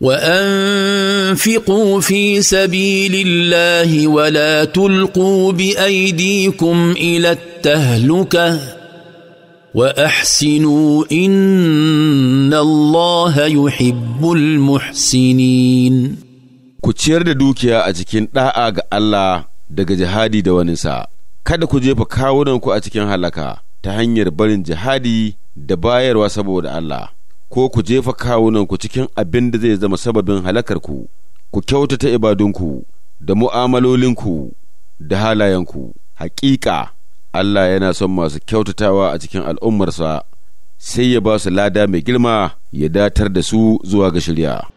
وانفقوا في سبيل الله ولا تلقوا بايديكم الى التهلكه واحسنوا ان الله يحب المحسنين ku ciyar da dukiya a cikin ɗa'a ga Allah daga jihadi da waninsa kada ku jefa kawunanku a cikin halaka ta hanyar barin jihadi da bayarwa saboda Allah ko ku jefa kawunan ku cikin abin da zai zama sababin halakarku, ku kyautata ibadunku da mu'amalolinku da halayenku. Hakika, Allah yana son masu kyautatawa a cikin al'ummarsa, sai ya ba su lada mai girma ya datar da su zuwa ga shirya.